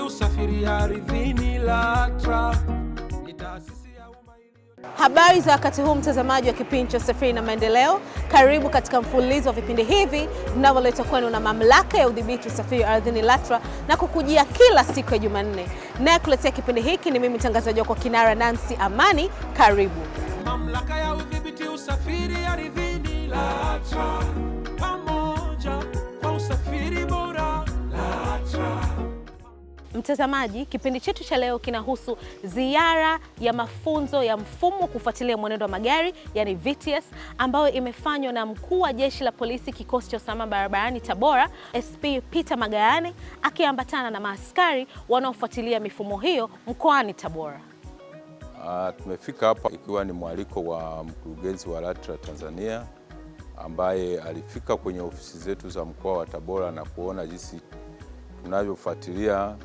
usafiri ardhini LATRA. Habari za wakati huu, mtazamaji wa kipindi cha usafiri na maendeleo, karibu katika mfululizo wa vipindi hivi vinavyoletwa kwenu na mamlaka ya udhibiti usafiri ardhini LATRA na kukujia kila siku ya Jumanne. Naye kuletea kipindi hiki ni mimi mtangazaji wako Kinara Nancy Amani. Karibu mamlaka ya udhibiti usafiri ardhini LATRA. Mtazamaji, kipindi chetu cha leo kinahusu ziara ya mafunzo ya mfumo kufuatilia mwenendo wa magari yani VTS ambayo imefanywa na mkuu wa jeshi la polisi kikosi cha usalama barabarani Tabora, SP Peter Magayane akiambatana na maaskari wanaofuatilia mifumo hiyo mkoani Tabora. Uh, tumefika hapa ikiwa ni mwaliko wa mkurugenzi wa LATRA Tanzania ambaye alifika kwenye ofisi zetu za mkoa wa Tabora na kuona jinsi tunavyofuatilia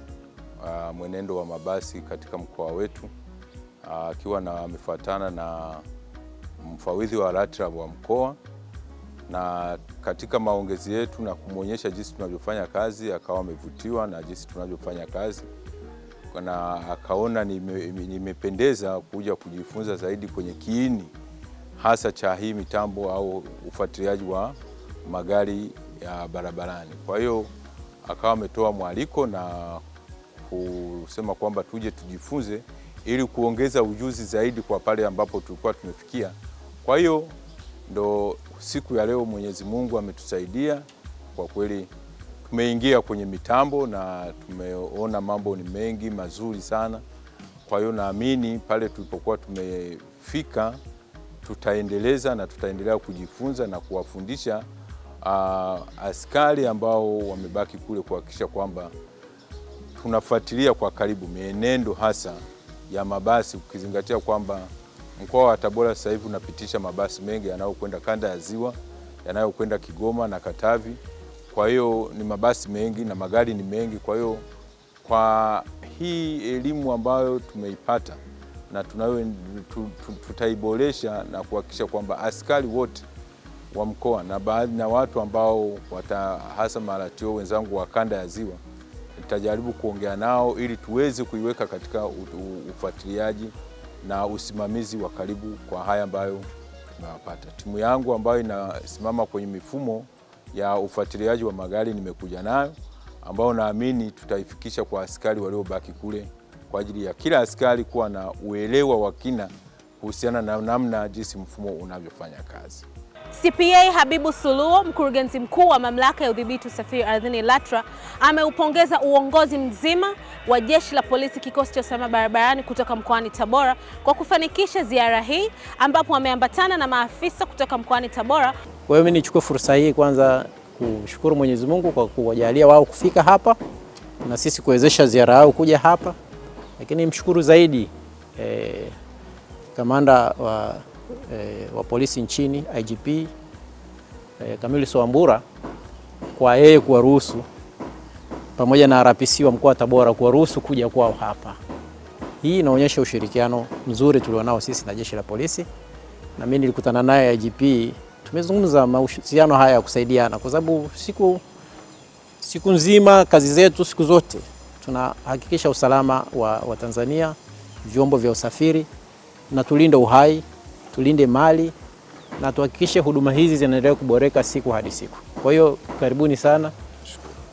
uh, mwenendo wa mabasi katika mkoa wetu uh, akiwa uh, na amefuatana na mfawidhi wa LATRA wa mkoa na katika maongezi yetu na kumwonyesha jinsi tunavyofanya kazi akawa amevutiwa na jinsi tunavyofanya kazi na akaona nimependeza nime kuja kujifunza zaidi kwenye kiini hasa cha hii mitambo au ufuatiliaji wa magari ya barabarani. Kwa hiyo akawa ametoa mwaliko na kusema kwamba tuje tujifunze ili kuongeza ujuzi zaidi kwa pale ambapo tulikuwa tumefikia. Kwa hiyo ndo siku ya leo Mwenyezi Mungu ametusaidia kwa kweli, tumeingia kwenye mitambo na tumeona mambo ni mengi mazuri sana. Kwa hiyo naamini pale tulipokuwa tumefika tutaendeleza na tutaendelea kujifunza na kuwafundisha uh, askari ambao wamebaki kule kuhakikisha kwamba tunafuatilia kwa karibu mienendo hasa ya mabasi, ukizingatia kwamba mkoa wa Tabora sasa hivi unapitisha mabasi mengi yanayokwenda kanda ya Ziwa, yanayokwenda Kigoma na Katavi. Kwa hiyo ni mabasi mengi na magari ni mengi. Kwa hiyo kwa hii elimu ambayo tumeipata na tunayo tutaiboresha na kuhakikisha kwamba askari wote wa mkoa na baadhi na watu ambao wata hasa maratio wenzangu wa kanda ya Ziwa tutajaribu kuongea nao ili tuweze kuiweka katika ufuatiliaji na usimamizi wa karibu kwa haya ambayo tumewapata Timu yangu ambayo inasimama kwenye mifumo ya ufuatiliaji wa magari nimekuja nayo, ambayo naamini tutaifikisha kwa askari waliobaki kule kwa ajili ya kila askari kuwa na uelewa wa kina kuhusiana na namna jinsi mfumo unavyofanya kazi. CPA Habibu Suluo, mkurugenzi mkuu wa mamlaka ya udhibiti usafiri ardhini LATRA, ameupongeza uongozi mzima wa jeshi la polisi kikosi cha usalama barabarani kutoka mkoani Tabora kwa kufanikisha ziara hii ambapo ameambatana na maafisa kutoka mkoani Tabora. Kwa hiyo mimi nichukue fursa hii kwanza kushukuru Mwenyezi Mungu kwa kuwajalia wao kufika hapa na sisi kuwezesha ziara yao kuja hapa, lakini mshukuru zaidi eh, kamanda wa e, wa polisi nchini IGP e, eh, Kamili Soambura kwa yeye kuwaruhusu pamoja na RPC wa mkoa wa Tabora kuwaruhusu kuja kwao hapa. Hii inaonyesha ushirikiano mzuri tulionao sisi na jeshi la polisi, na mimi nilikutana naye IGP, tumezungumza mahusiano haya ya kusaidiana, kwa sababu siku siku nzima kazi zetu siku zote tunahakikisha usalama wa, wa Tanzania, vyombo vya usafiri na tulinde uhai tulinde mali na tuhakikishe huduma hizi zinaendelea kuboreka siku hadi siku. Kwa hiyo karibuni sana,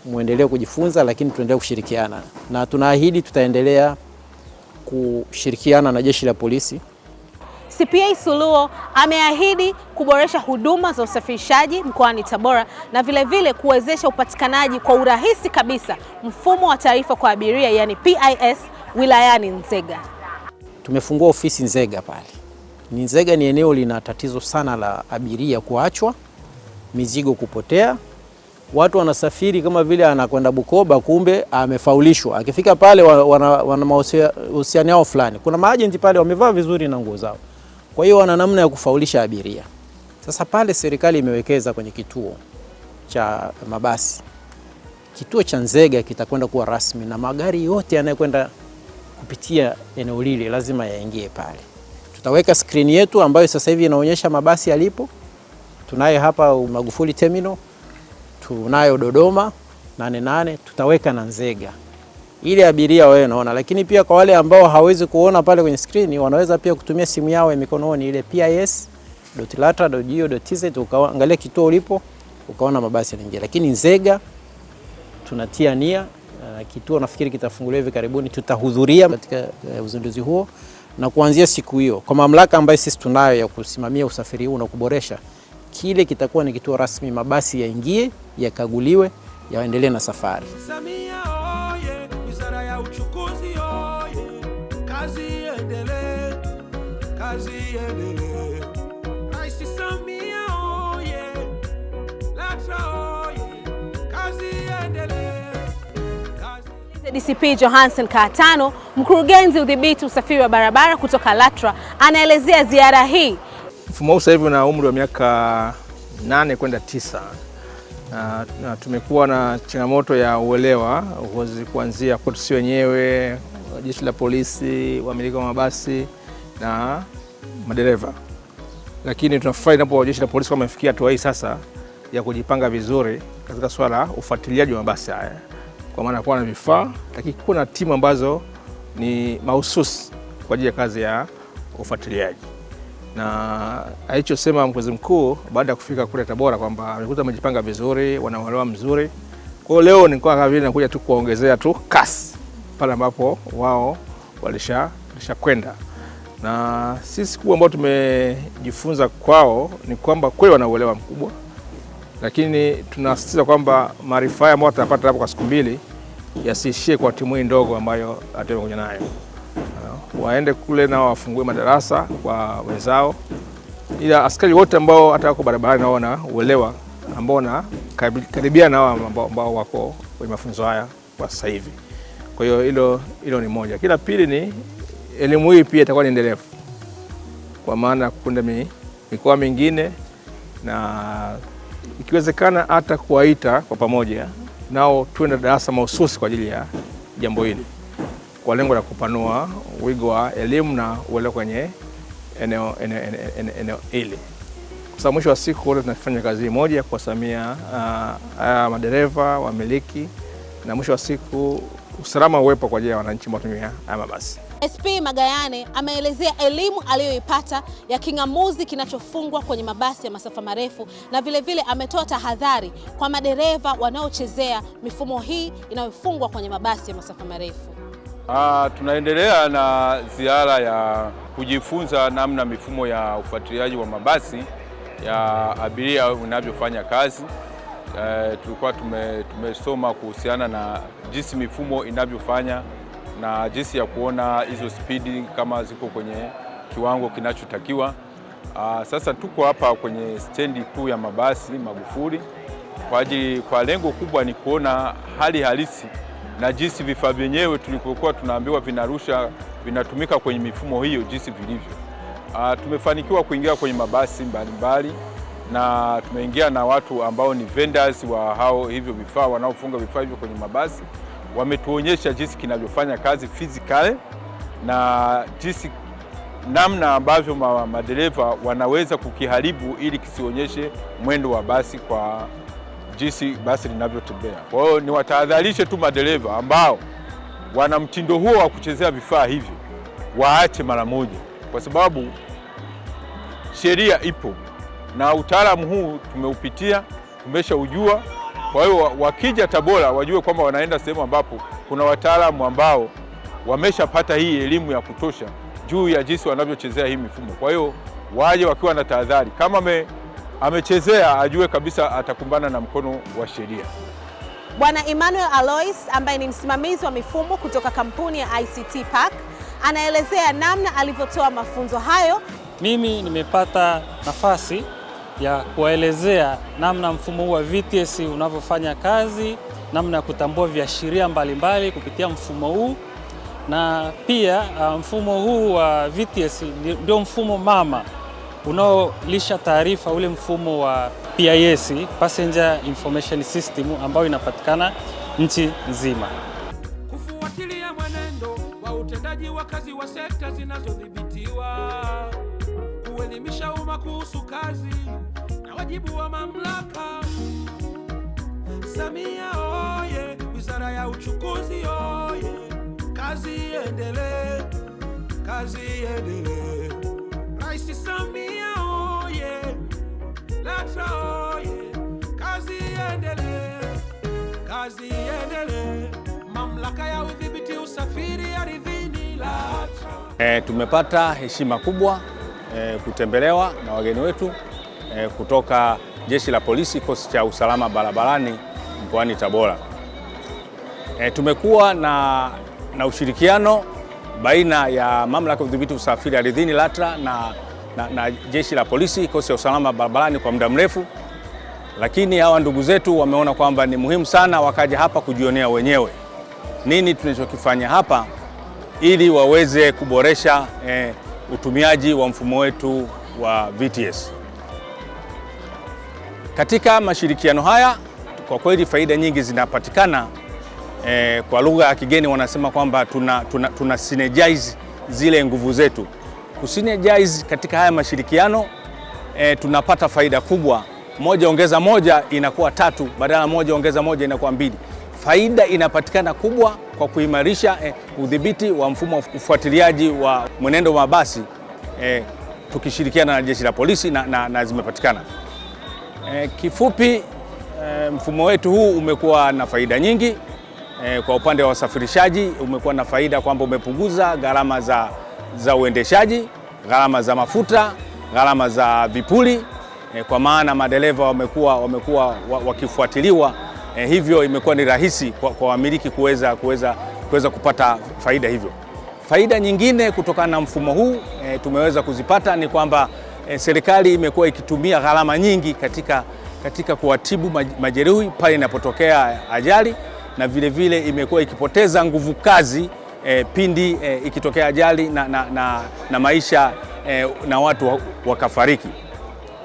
muendelee kujifunza, lakini tuendelee kushirikiana na tunaahidi tutaendelea kushirikiana na jeshi la polisi. CPA Suluo ameahidi kuboresha huduma za usafirishaji mkoani Tabora na vilevile vile kuwezesha upatikanaji kwa urahisi kabisa mfumo wa taarifa kwa abiria yani PIS wilayani Nzega. Tumefungua ofisi Nzega pale Nzega ni eneo lina tatizo sana la abiria kuachwa, mizigo kupotea. Watu wanasafiri kama vile anakwenda Bukoba, kumbe amefaulishwa. Akifika pale wana, wana mahusiano yao fulani. Kuna maajenti pale wamevaa vizuri na nguo zao, kwa hiyo wana namna ya kufaulisha abiria. Sasa pale serikali imewekeza kwenye kituo cha mabasi. Kituo cha Nzega kitakwenda kuwa rasmi na magari yote yanayokwenda kupitia eneo lile lazima yaingie pale. Tutaweka skrini yetu ambayo sasa hivi inaonyesha mabasi yalipo. Tunayo hapa Magufuli Terminal, tunayo Dodoma nane nane, tutaweka na Nzega ili abiria wawe naona, lakini pia kwa wale ambao hawezi kuona pale kwenye skrini, wanaweza pia kutumia simu yao ya mikononi ile pis.latra.go.tz, ukaangalia kituo ulipo ukaona mabasi yanaingia. Lakini Nzega tunatia nia, kituo nafikiri kitafunguliwa hivi karibuni, tutahudhuria katika eh, uzinduzi huo na kuanzia siku hiyo kwa mamlaka ambayo sisi tunayo ya kusimamia usafiri huu na kuboresha, kile kitakuwa ni kituo rasmi, mabasi yaingie, yakaguliwe, yaendelee na safari. Samia oye! Wizara ya Uchukuzi oye! Kazi kazi DCP Johansen Kaatano, mkurugenzi udhibiti usafiri wa barabara kutoka LATRA, anaelezea ziara hii. Mfumo huu sasa hivi una umri wa miaka nane kwenda tisa na, na tumekuwa na changamoto ya uelewa uozi kuanzia kwetu si wenyewe, jeshi la polisi, wamiliki wa mabasi na madereva, lakini tunafurahi napo jeshi la polisi kama imefikia hatua hii sasa ya kujipanga vizuri katika swala ufuatiliaji wa mabasi haya kwa maana kuwa na vifaa, lakini kuna timu ambazo ni mahususi kwa ajili ya kazi ya ufuatiliaji, na alichosema mkwezi mkuu baada ya kufika kule Tabora kwamba amekuta amejipanga vizuri, wanauelewa mzuri. Kwa hiyo leo nilikuwa kama vile nakuja tu kuwaongezea tu kasi pale ambapo wao walishakwenda, na sisi kubwa ambao tumejifunza kwao ni kwamba kweli wanauelewa mkubwa lakini tunasisitiza kwamba maarifa haya ambayo tutapata hapo kwa siku mbili yasiishie kwa timu hii ndogo ambayo atakuja nayo. Uh, waende kule nao wafungue madarasa kwa wenzao, ila askari wote ambao hata wako barabarani nao na uelewa ambao na karibia nao ambao wako kwenye mafunzo haya kwa sasa hivi. Kwa hiyo hilo hilo ni moja. Kila pili ni elimu hii pia itakuwa ni endelevu, kwa maana ya kukunda mikoa mingine na ikiwezekana hata kuwaita kwa pamoja mhm. nao tuende darasa mahususi kwa ajili ya jambo hili kwa lengo la kupanua wigo wa elimu na uelewa kwenye eneo hili eneo, eneo, Kwa sababu mwisho wa siku wote tunafanya kazi moja kuwasamia uh, haya uh, madereva wamiliki, na mwisho wa siku usalama uwepo kwa ajili ya wananchi tumia haya mabasi. SP Magayane ameelezea elimu aliyoipata ya king'amuzi kinachofungwa kwenye mabasi ya masafa marefu na vilevile ametoa tahadhari kwa madereva wanaochezea mifumo hii inayofungwa kwenye mabasi ya masafa marefu. Ah, tunaendelea na ziara ya kujifunza namna mifumo ya ufuatiliaji wa mabasi ya abiria unavyofanya kazi. Eh, tulikuwa tume, tumesoma kuhusiana na jinsi mifumo inavyofanya na jinsi ya kuona hizo spidi kama ziko kwenye kiwango kinachotakiwa. Ah, sasa tuko hapa kwenye stendi kuu ya mabasi Magufuli kwa ajili, kwa lengo kubwa ni kuona hali halisi na jinsi vifaa vyenyewe tulivyokuwa tunaambiwa vinarusha vinatumika kwenye mifumo hiyo jinsi vilivyo. Ah, tumefanikiwa kuingia kwenye mabasi mbalimbali na tumeingia na watu ambao ni vendors wa hao hivyo vifaa wanaofunga vifaa hivyo kwenye mabasi wametuonyesha jinsi kinavyofanya kazi physically na jinsi namna ambavyo madereva wanaweza kukiharibu ili kisionyeshe mwendo wa basi kwa jinsi basi linavyotembea. Kwa hiyo niwatahadharishe tu madereva ambao wana mtindo huo wa kuchezea vifaa hivyo waache mara moja, kwa sababu sheria ipo na utaalamu huu tumeupitia, tumeshaujua. Kwa hiyo wakija Tabora wajue kwamba wanaenda sehemu ambapo kuna wataalamu ambao wameshapata hii elimu ya kutosha juu ya jinsi wanavyochezea hii mifumo. Kwa hiyo waje wakiwa na tahadhari, kama me, amechezea ajue kabisa atakumbana na mkono wa sheria. Bwana Emmanuel Alois ambaye ni msimamizi wa mifumo kutoka kampuni ya ICT Park anaelezea namna alivyotoa mafunzo hayo. Mimi nimepata nafasi ya kuwaelezea namna mfumo huu wa VTS unavyofanya kazi, namna ya kutambua viashiria mbalimbali kupitia mfumo huu, na pia uh, mfumo huu wa VTS ndio mfumo mama unaolisha taarifa ule mfumo wa PIS, Passenger Information System, ambayo inapatikana nchi nzima. Kufuatilia mwenendo wa utendaji wa kazi wa sekta zinazodhibitiwa kuelimisha umma kuhusu kazi na wajibu wa mamlaka. Samia oye! Wizara ya Uchukuzi oye! Kazi iendelee, kazi iendelee. Rais Samia oye! Oh LATRA oye! Kazi iendelee, kazi iendelee. Mamlaka ya udhibiti usafiri ardhini LATRA. Eh, tumepata heshima kubwa e, kutembelewa na wageni wetu e, kutoka Jeshi la Polisi kikosi cha usalama barabarani mkoani Tabora. E, tumekuwa na, na ushirikiano baina ya Mamlaka ya Udhibiti Usafiri Ardhini LATRA na, na, na Jeshi la Polisi kikosi cha usalama barabarani kwa muda mrefu, lakini hawa ndugu zetu wameona kwamba ni muhimu sana wakaja hapa kujionea wenyewe nini tunachokifanya hapa ili waweze kuboresha eh, utumiaji wa mfumo wetu wa VTS. Katika mashirikiano haya kwa kweli faida nyingi zinapatikana. E, kwa lugha ya kigeni wanasema kwamba tuna, tuna, tuna synergize zile nguvu zetu. Kusynergize katika haya mashirikiano e, tunapata faida kubwa. Moja ongeza moja inakuwa tatu, badala moja ongeza moja inakuwa mbili faida inapatikana kubwa kwa kuimarisha eh, udhibiti wa mfumo wa ufuatiliaji wa mwenendo wa mabasi eh, tukishirikiana na jeshi la polisi na, na, na zimepatikana eh, kifupi eh, mfumo wetu huu umekuwa na faida nyingi eh, kwa upande wa wasafirishaji umekuwa na faida kwamba umepunguza gharama za, za uendeshaji, gharama za mafuta, gharama za vipuli eh, kwa maana madereva wamekuwa wamekuwa wakifuatiliwa eh, hivyo imekuwa ni rahisi kwa wamiliki kuweza kuweza kuweza kupata faida hivyo. Faida nyingine kutokana na mfumo huu eh, tumeweza kuzipata ni kwamba eh, serikali imekuwa ikitumia gharama nyingi katika, katika kuwatibu majeruhi pale inapotokea ajali na vilevile vile imekuwa ikipoteza nguvu kazi eh, pindi eh, ikitokea ajali na, na, na, na maisha eh, na watu wakafariki.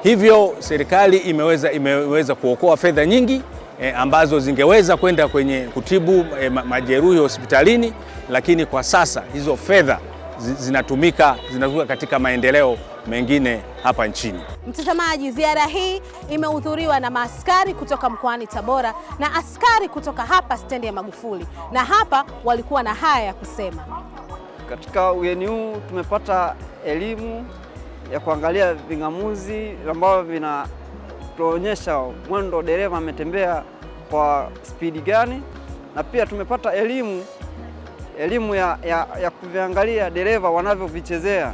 Hivyo serikali imeweza, imeweza kuokoa fedha nyingi e, ambazo zingeweza kwenda kwenye kutibu e, majeruhi hospitalini, lakini kwa sasa hizo fedha zinatumika zinatumika katika maendeleo mengine hapa nchini. Mtazamaji, ziara hii imehudhuriwa na maaskari kutoka mkoani Tabora na askari kutoka hapa stendi ya Magufuli, na hapa walikuwa na haya ya kusema. Katika ugeni huu tumepata elimu ya kuangalia ving'amuzi ambavyo vina kutuonyesha mwendo dereva ametembea kwa spidi gani, na pia tumepata elimu elimu ya, ya, ya kuviangalia dereva wanavyovichezea.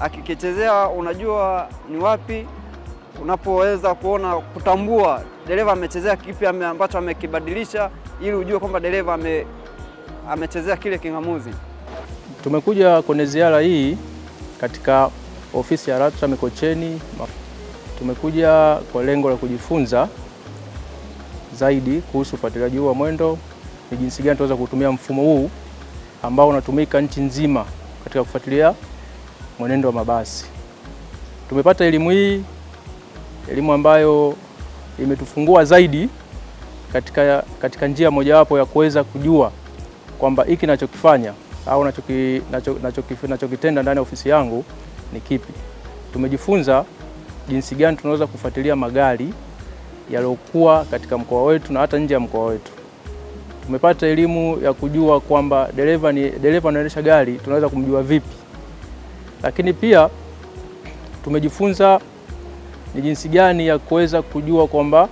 Akikichezea unajua ni wapi unapoweza kuona kutambua dereva amechezea kipi ambacho amekibadilisha, ili ujue kwamba dereva ame, amechezea kile king'amuzi. Tumekuja kwenye ziara hii katika ofisi ya LATRA Mikocheni. Tumekuja kwa lengo la kujifunza zaidi kuhusu ufuatiliaji huu wa mwendo, ni jinsi gani tunaweza kutumia mfumo huu ambao unatumika nchi nzima katika kufuatilia mwenendo wa mabasi. Tumepata elimu hii, elimu ambayo imetufungua zaidi katika, katika njia mojawapo ya kuweza kujua kwamba hiki nachokifanya au nachokitenda ndani ya ofisi yangu ni kipi. Tumejifunza jinsi gani tunaweza kufuatilia magari yaliyokuwa katika mkoa wetu na hata nje ya mkoa wetu. Tumepata elimu ya kujua kwamba dereva ni dereva anaendesha gari tunaweza kumjua vipi, lakini pia tumejifunza ni jinsi gani ya kuweza kujua kwamba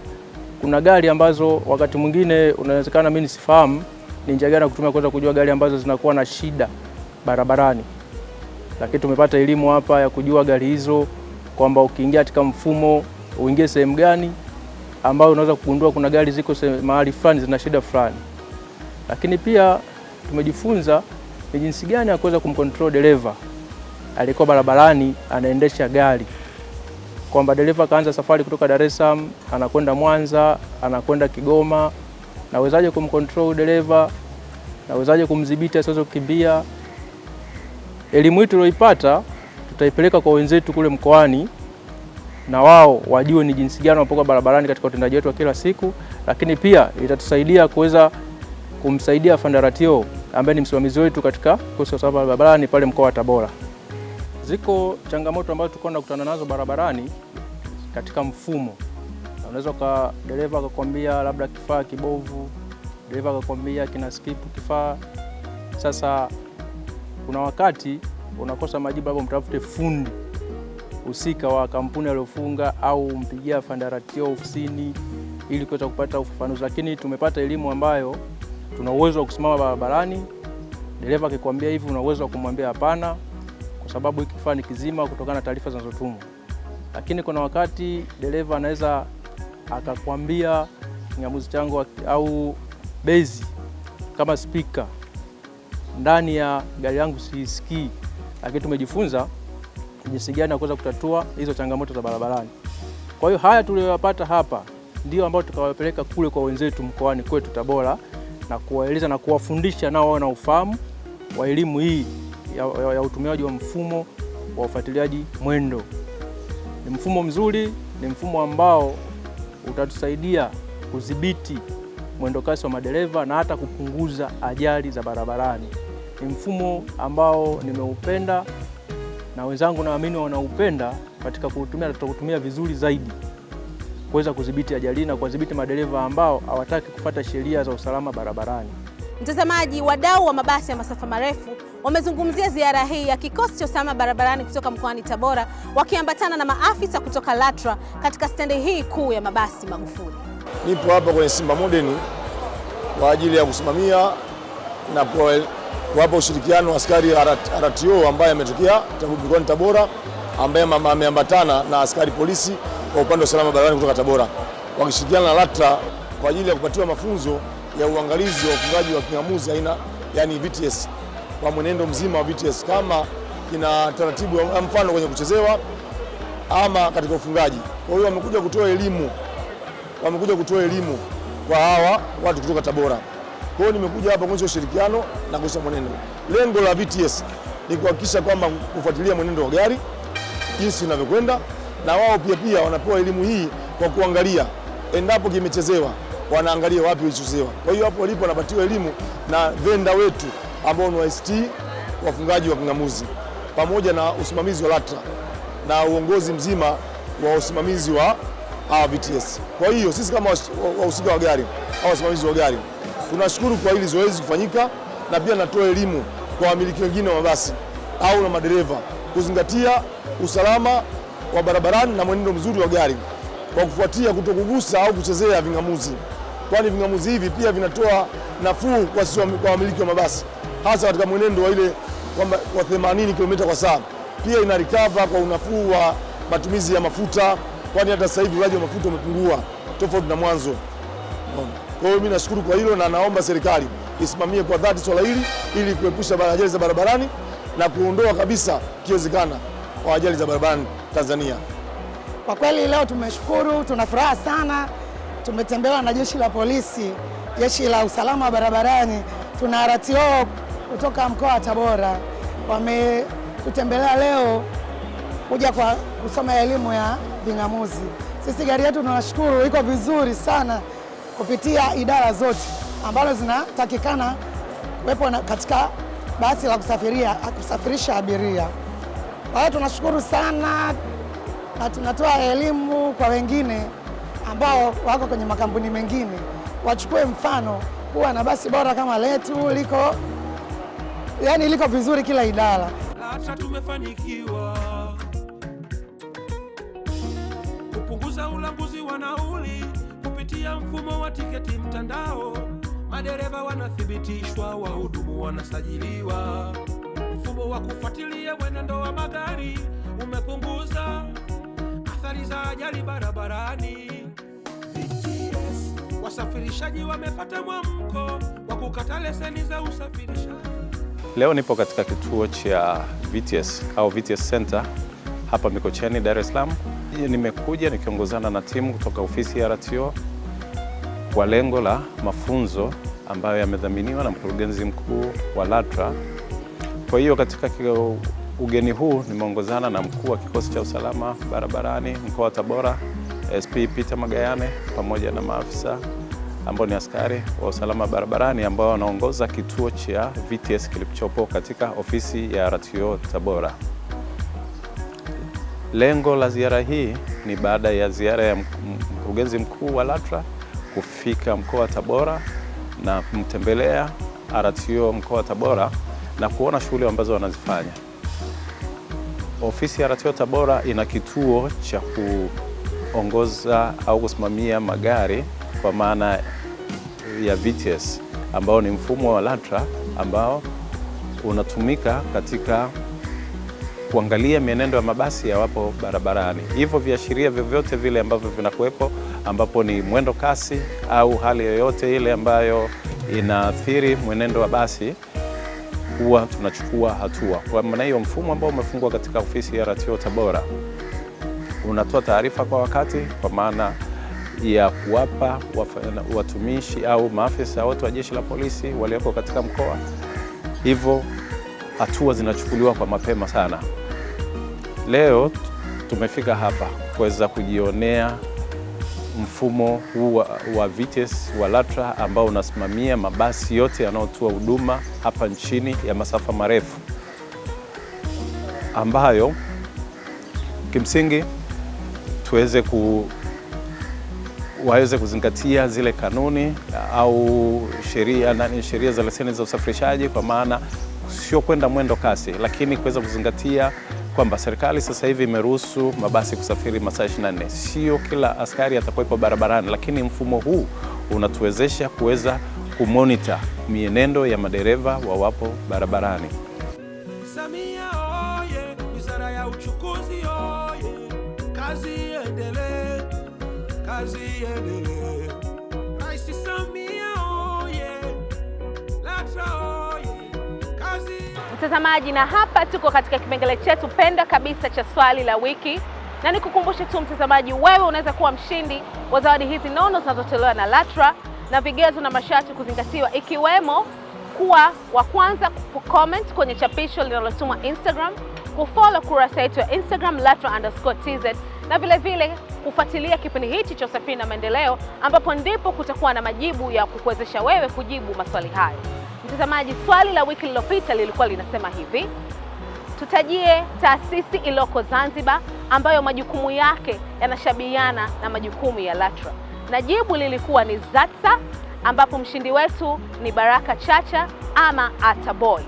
kuna gari ambazo wakati mwingine unawezekana mimi nisifahamu ni njia gani ya kutumia kuweza kujua gari ambazo zinakuwa na shida barabarani, lakini tumepata elimu hapa ya kujua gari hizo kwamba ukiingia katika mfumo uingie sehemu gani ambayo unaweza kugundua kuna gari ziko mahali fulani zina shida fulani. Lakini pia tumejifunza ni jinsi gani ya kuweza kumcontrol dereva alikuwa barabarani anaendesha gari, kwamba dereva kaanza safari kutoka Dar es Salaam anakwenda Mwanza, anakwenda Kigoma, nawezaje kumcontrol dereva, nawezaje kumdhibiti asiweze kukimbia. Elimu hii tulioipata tutaipeleka kwa wenzetu kule mkoani na wao wajue ni jinsi gani wanapokuwa barabarani katika utendaji wetu wa kila siku, lakini pia itatusaidia kuweza kumsaidia fandaratio ambaye ni msimamizi wetu katika kuhusu usalama barabarani pale mkoa wa Tabora. Ziko changamoto ambazo tulikuwa tunakutana nazo barabarani katika mfumo. Unaweza kwa dereva akakwambia labda kifaa kibovu, dereva akakwambia kina skip kifaa. Sasa kuna wakati unakosa majibu hapo, mtafute fundi husika wa kampuni aliyofunga au mpigia fandaratio ofisini ili kuweza kupata ufafanuzi. Lakini tumepata elimu ambayo tuna uwezo wa kusimama barabarani, dereva akikwambia hivi, una uwezo wa kumwambia hapana, kwa sababu hiki kifaa ni kizima, kutokana na taarifa zinazotumwa. Lakini kuna wakati dereva anaweza akakwambia kingamuzi changu au bezi kama spika ndani ya gari yangu siisikii lakini tumejifunza jinsi gani ya kuweza kutatua hizo changamoto za barabarani. Kwa hiyo haya tuliyoyapata hapa ndio ambayo tukawapeleka kule kwa wenzetu mkoani kwetu Tabora na kuwaeleza na kuwafundisha nao wawe na ufahamu wa elimu hii ya, ya, ya utumiaji wa mfumo wa ufuatiliaji mwendo. Ni mfumo mzuri, ni mfumo ambao utatusaidia kudhibiti mwendokasi wa madereva na hata kupunguza ajali za barabarani. Ni mfumo ambao nimeupenda na wenzangu naamini wanaupenda, katika kuutumia tutakutumia vizuri zaidi kuweza kudhibiti ajali na kuwadhibiti madereva ambao hawataki kufuata sheria za usalama barabarani. Mtazamaji, wadau wa mabasi ya masafa marefu wamezungumzia ziara hii ya kikosi cha usalama barabarani kutoka mkoani Tabora wakiambatana na maafisa kutoka LATRA katika stendi hii kuu ya mabasi Magufuli. Nipo hapa kwenye Simba Modern kwa ajili ya kusimamia na kuwapa ushirikiano askari RTO ambaye ametokea mkoani Tabora ambaye ameambatana na askari polisi kwa upande wa usalama barabarani kutoka Tabora wakishirikiana na LATRA kwa ajili ya kupatiwa mafunzo ya uangalizi wa ufungaji wa kingamuzi aina yani VTS kwa mwenendo mzima wa VTS kama kina taratibu ya mfano kwenye kuchezewa ama katika ufungaji. Kwa hiyo wamekuja kutoa elimu, wamekuja kutoa elimu kwa hawa watu kutoka Tabora. Kwa hiyo nimekuja hapa kuonyesha ushirikiano na kuonyesha mwenendo. Lengo la VTS ni kuhakikisha kwamba kufuatilia mwenendo wa gari jinsi inavyokwenda, na wao pia pia wanapewa elimu hii kwa kuangalia endapo kimechezewa, wanaangalia wapi ulichezewa. Kwa hiyo hapo walipo wanapatiwa elimu na venda wetu ambao ni ST wafungaji wa king'amuzi, pamoja na usimamizi wa LATRA na uongozi mzima wa usimamizi wa ah, VTS. Kwa hiyo sisi kama wahusika wa gari au wasimamizi wa gari tunashukuru kwa hili zoezi kufanyika, na pia natoa elimu kwa wamiliki wengine wa mabasi au na madereva kuzingatia usalama wa barabarani na mwenendo mzuri wa gari kwa kufuatia kutokugusa au kuchezea ving'amuzi, kwani ving'amuzi hivi pia vinatoa nafuu kwa sisi kwa wamiliki wa mabasi, hasa katika mwenendo wa ile wa 80 km kwa saa. Pia ina recover kwa unafuu wa matumizi ya mafuta, kwani hata sasa hivi ulaji wa mafuta umepungua tofauti na mwanzo. Kwa hiyo mimi nashukuru kwa hilo na naomba serikali isimamie kwa dhati swala hili ili kuepusha ajali za barabarani na kuondoa kabisa kiwezekana kwa ajali za barabarani Tanzania. Kwa kweli leo tumeshukuru, tuna furaha sana. Tumetembelewa na jeshi la polisi, jeshi la usalama wa barabarani, tuna RTO kutoka mkoa wa Tabora wametutembelea leo kuja kwa kusoma elimu ya ving'amuzi. Sisi gari yetu tunashukuru, iko vizuri sana kupitia idara zote ambazo zinatakikana kuwepo katika basi la kusafiria, kusafirisha abiria. Kwa hiyo tunashukuru sana na tunatoa elimu kwa wengine ambao wako kwenye makampuni mengine wachukue mfano kuwa na basi bora kama letu liko, yani liko vizuri kila idara. Hata tumefanikiwa kupunguza ulanguzi wa nauli ya mfumo wa tiketi mtandao, madereva wanathibitishwa, wahudumu wanasajiliwa. Mfumo wa kufuatilia mwenendo wa magari umepunguza athari za ajali barabarani. wasafirishaji wamepata mwamko wa kukata leseni za usafirishaji. Leo nipo katika kituo cha VTS au VTS Center hapa Mikocheni, Dar es Salaam. Nimekuja nikiongozana na timu kutoka ofisi ya RTO kwa lengo la mafunzo ambayo yamedhaminiwa na mkurugenzi mkuu wa LATRA. Kwa hiyo katika ugeni huu nimeongozana na mkuu wa kikosi cha usalama barabarani mkoa wa Tabora, SP Peter Magayane, pamoja na maafisa ambao ni askari wa usalama barabarani ambao wanaongoza kituo cha VTS kilichopo katika ofisi ya RTO Tabora. Lengo la ziara hii ni baada ya ziara ya mkurugenzi mkuu wa LATRA kufika mkoa wa Tabora na kumtembelea RTO mkoa wa Tabora na kuona shughuli ambazo wanazifanya. Ofisi ya RTO Tabora ina kituo cha kuongoza au kusimamia magari kwa maana ya VTS ambao ni mfumo wa LATRA ambao unatumika katika kuangalia mienendo ya mabasi yawapo barabarani. Hivyo viashiria vyovyote vile ambavyo vinakuwepo, ambapo ni mwendo kasi au hali yoyote ile ambayo inaathiri mwenendo wa basi huwa tunachukua hatua. Kwa maana hiyo, mfumo ambao umefungwa katika ofisi ya RTO Tabora unatoa taarifa kwa wakati, kwa maana ya kuwapa watumishi au maafisa wote wa Jeshi la Polisi walioko katika mkoa, hivyo hatua zinachukuliwa kwa mapema sana. Leo tumefika hapa kuweza kujionea mfumo huu wa, wa VTS wa LATRA ambao unasimamia mabasi yote yanayotoa huduma hapa nchini ya masafa marefu, ambayo kimsingi tuweze ku waweze kuzingatia zile kanuni au sheria na sheria za leseni za usafirishaji, kwa maana sio kwenda mwendo kasi, lakini kuweza kuzingatia kwamba serikali sasa hivi imeruhusu mabasi kusafiri masaa 24. Sio kila askari atakuwepo barabarani, lakini mfumo huu unatuwezesha kuweza kumonita mienendo ya madereva wawapo barabarani. Samia oye! Wizara ya Uchukuzi oye! Kazi kazi Rais Samia oye! LATRA oye! mtazamaji, na hapa tuko katika kipengele chetu penda kabisa cha swali la wiki, na nikukumbushe tu mtazamaji, wewe unaweza kuwa mshindi wa zawadi hizi nono zinazotolewa na LATRA na vigezo na masharti kuzingatiwa, ikiwemo kuwa wa kwanza kucomment kwenye chapisho linalotumwa Instagram, kufollow kurasa yetu ya Instagram LATRA underscore tz, na vilevile kufuatilia kipindi hichi cha Usafiri na Maendeleo, ambapo ndipo kutakuwa na majibu ya kukuwezesha wewe kujibu maswali hayo. Mtazamaji, swali la wiki lililopita lilikuwa linasema hivi: tutajie taasisi iliyoko Zanzibar ambayo majukumu yake yanashabihiana na majukumu ya LATRA, na jibu lilikuwa ni ZATSA, ambapo mshindi wetu ni Baraka Chacha ama Ataboy.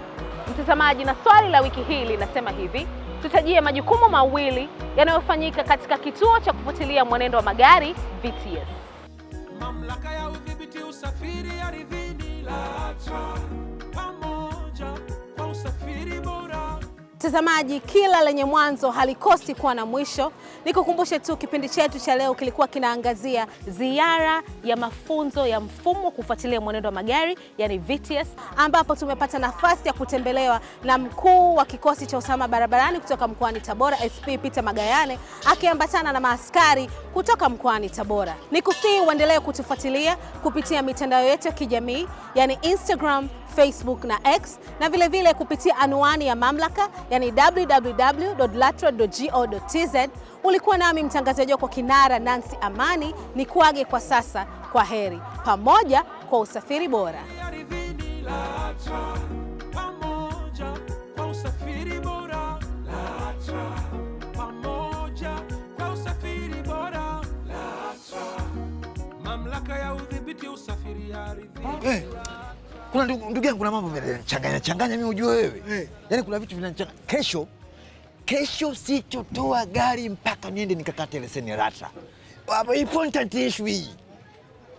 Mtazamaji, na swali la wiki hii linasema hivi: tutajie majukumu mawili yanayofanyika katika kituo cha kufuatilia mwenendo wa magari VTS. Mamlaka ya udhibiti usafiri ardhini Lacha pamoja kwa usafiri bora. Mtazamaji, kila lenye mwanzo halikosi kuwa na mwisho. Nikukumbushe tu kipindi chetu cha leo kilikuwa kinaangazia ziara ya mafunzo ya mfumo kufuatilia mwenendo wa magari, yani VTS, ambapo tumepata nafasi ya kutembelewa na mkuu wa kikosi cha usalama barabarani kutoka mkoani Tabora, SP Peter Magayane, akiambatana na maaskari kutoka mkoani Tabora. Nikusihi uendelee kutufuatilia kupitia mitandao yetu ya kijamii, yani Instagram Facebook na X na vilevile vile kupitia anwani ya mamlaka yani www.latra.go.tz. Ulikuwa nami mtangazaji wako kinara Nancy Amani, ni kuage kwa sasa. Kwa heri, pamoja kwa usafiri bora. Hey kuna ndugu yangu, kuna mambo yanachanganya changanya mimi, ujue wewe hey. Eh. Yani kuna vitu vinanichanganya. Kesho kesho sichotoa gari mpaka niende nikakate leseni rata. Important issue hii,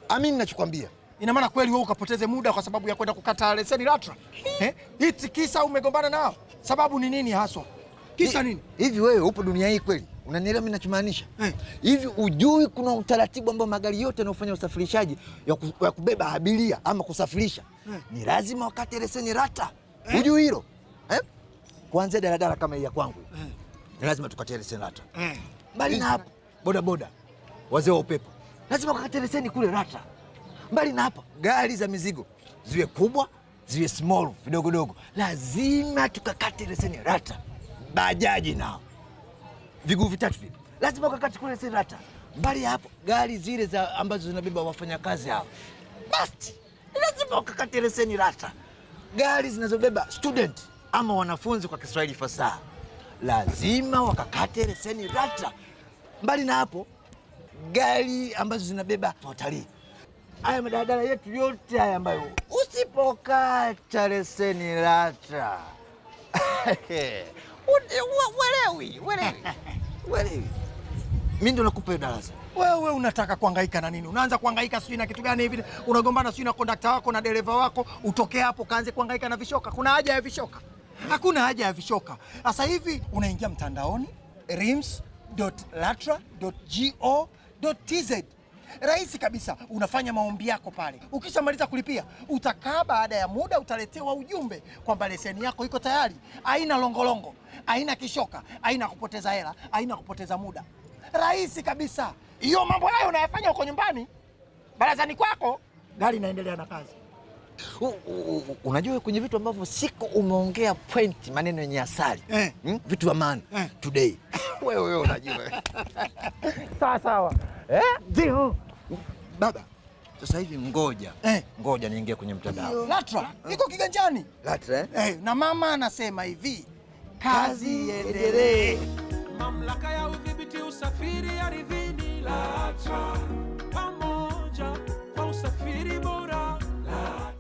amini nachokwambia. Ina maana kweli wewe ukapoteze muda kwa sababu ya kwenda kukata leseni rata eh? Hii kisa umegombana nao, sababu ni nini haswa? Kisa nini hivi? Wewe upo dunia hii kweli? Unanielewa mimi ninachomaanisha? Eh. Hivi hey, ujui kuna utaratibu ambao magari yote yanayofanya usafirishaji ya kubeba abiria ama kusafirisha hey, eh. ni lazima wakati leseni rata hey. Eh. Ujui hilo hey? Kuanzia daladala kama hii ya kwangu hey, ni lazima tukatie leseni rata hey. Mbali na hapo boda boda, wazee wa upepo lazima wakate leseni kule rata. Mbali na hapo gari za mizigo ziwe kubwa ziwe small vidogodogo, lazima tukakate leseni rata. Bajaji nao viguu vitatu vile, lazima ukakati kule Serata. Mbali ya hapo, gari zile za ambazo zinabeba wafanyakazi hao, basi lazima ukakati leseni Rata. Gari zinazobeba student ama wanafunzi kwa Kiswahili fasaha, lazima wakakate leseni Rata. Mbali na hapo, gari ambazo zinabeba watalii haya madaladala yetu yote haya ambayo usipokata leseni rata Welewi, welewi, welewi. ndo nakupa hiyo darasa. Wewe unataka kuhangaika na nini? Unaanza kuhangaika sijui na kitu gani hivi? Unagombana sijui na kondakta wako na dereva wako, utoke hapo kaanze kuhangaika na vishoka. Kuna haja ya vishoka? Hakuna haja ya vishoka. Sasa hivi unaingia mtandaoni rims.latra.go.tz rahisi kabisa. Unafanya maombi yako pale, ukishamaliza kulipia utakaa, baada ya muda utaletewa ujumbe kwamba leseni yako iko tayari. Haina longolongo, haina kishoka, haina kupoteza hela, haina kupoteza muda, rahisi kabisa. Hiyo mambo hayo unayafanya huko nyumbani barazani kwako, gari inaendelea na kazi. unajua kwenye vitu ambavyo siko umeongea point maneno yenye asali eh, hmm? Vitu vya maana eh, today wewe wewe unajua sawa sawa eh? baba sasa hivi ngoja eh, ngoja niingie kwenye mtandao. LATRA iko kiganjani LATRA eh, na mama anasema hivi, kazi iendelee. Mamlaka ya udhibiti usafiri ardhini LATRA, pamoja kwa usafiri bora LATRA.